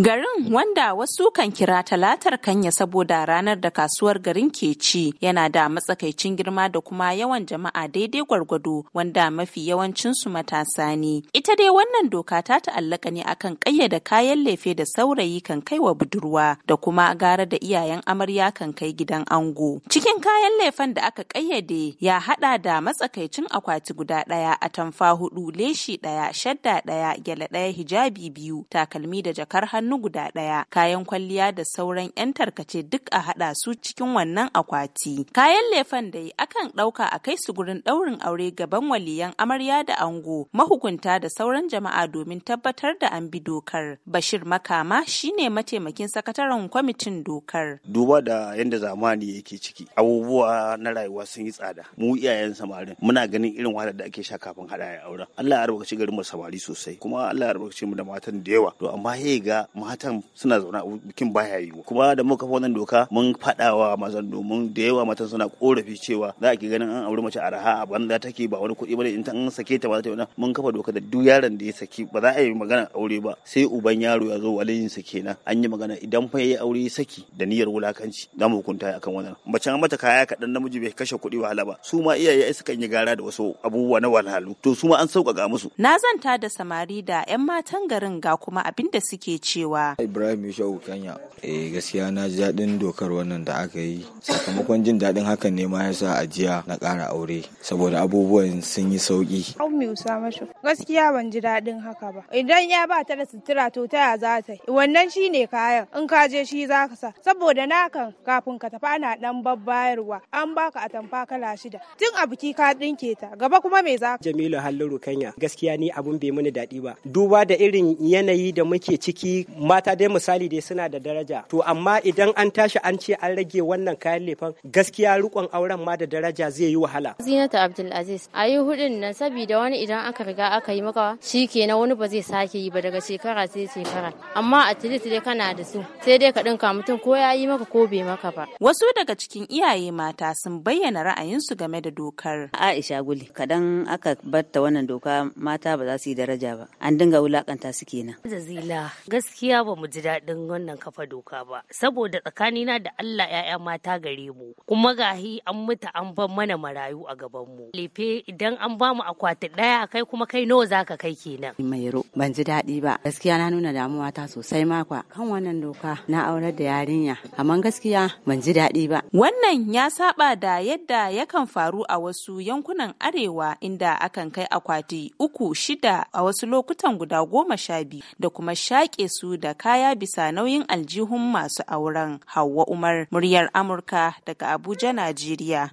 Garin wanda wasu kan kira talatar kanya saboda ranar da kasuwar garin ke ci yana da matsakaicin girma da kuma yawan jama'a daidai gwargwado wanda mafi yawancinsu matasa ne. Ita dai wannan doka ta ta'allaka ne akan ƙayyada kayan lefe da saurayi kan kai wa budurwa da kuma gara da iyayen amarya kan kai gidan ango. Cikin kayan lefen da aka ƙayyade ya haɗa da matsakaicin akwati guda ɗaya, atamfa hudu, leshi ɗaya, shadda ɗaya, gyale ɗaya, hijabi biyu, takalmi da jakar hannu hannu guda ɗaya kayan kwalliya da sauran 'yan tarkace duk a haɗa su cikin wannan akwati kayan lefan da yi akan ɗauka a kai su gurin ɗaurin aure gaban waliyan amarya da ango mahukunta da sauran jama'a domin tabbatar da an bi dokar bashir makama shine mataimakin sakataren kwamitin dokar duba da yadda zamani yake ciki abubuwa na rayuwa sun yi tsada mu iyayen samarin muna ganin irin wahalar da ake sha kafin haɗa ya auren Allah ya albarkaci garin mu samari sosai kuma Allah ya albarkaci mu da matan da yawa to amma he ga matan suna zauna bikin baya yiwu kuma da muka kafa wannan doka mun faɗawa mazan domin da yawa matan suna korafi cewa za a ke ganin an auri mace araha a banza take ba wani kuɗi bane in ta an sake ta ba za ta yi mun kafa doka da duk yaron da ya saki ba za a yi magana aure ba sai uban yaro ya zo waliyin sa kenan an yi magana idan fa yayi aure saki da niyyar wulakanci za mu hukunta akan wannan mace mata kaya kaɗan namiji bai kashe kuɗi wahala ba su ma iyaye ai sukan yi gara da wasu abubuwa na walhalu to su ma an sauƙaƙa musu na zanta da samari da 'yan matan garin ga kuma abin da suke ci cewa Ibrahim Yushau Kenya eh gaskiya na ji daɗin dokar wannan da aka yi sakamakon jin daɗin hakan ne ma yasa ajiya na ƙara aure saboda abubuwan sun yi sauƙi. Gaskiya ban ji daɗin haka ba. Idan ya ba ta da sutura to ta ya za ta yi. Wannan shi ne kayan in ka je shi za ka sa. Saboda na kan kafin ka tafi ana ɗan babbayarwa an baka atamfa kala shida. Tun a biki ka ɗinke ta gaba kuma me za ka. Jamilu Halliru Kanya gaskiya ni abun bai mini daɗi ba. Duba da irin yanayi da muke ciki mata dai misali dai suna da daraja to amma idan an tashi an ce an rage wannan kayan lefan gaskiya rikon auren ma da daraja zai yi wahala zinata abdulaziz a yi hudun nan saboda wani idan aka riga aka yi maka shi kenan wani ba zai sake yi ba daga shekara sai shekara amma a tilis dai kana da su sai dai ka dinka mutum ko ya yi maka ko bai maka ba wasu daga cikin iyaye mata sun bayyana ra'ayin su game da dokar aisha guli kadan aka barta wannan doka mata ba za su yi daraja ba an dinga wulakanta su kenan zazila gaskiya gaskiya ba mu ji daɗin wannan kafa doka ba saboda tsakanina da Allah ‘ya'ya mata gare mu kuma gahi an mutu an ban mana marayu a gaban mu lefe idan an ba mu akwati ɗaya kai kuma kai nawa zaka kai kenan mai ro ban ji daɗi ba gaskiya na nuna damuwa ta sosai makwa kan wannan doka na aurar da yarinya amma gaskiya ban ji daɗi ba wannan ya saba da yadda yakan faru a wasu yankunan arewa inda akan kai akwati uku shida a wasu lokutan guda goma sha biyu da kuma shaƙe su da kaya bisa nauyin aljihun masu auren. Hauwa Umar, muryar Amurka daga Abuja, Najeriya.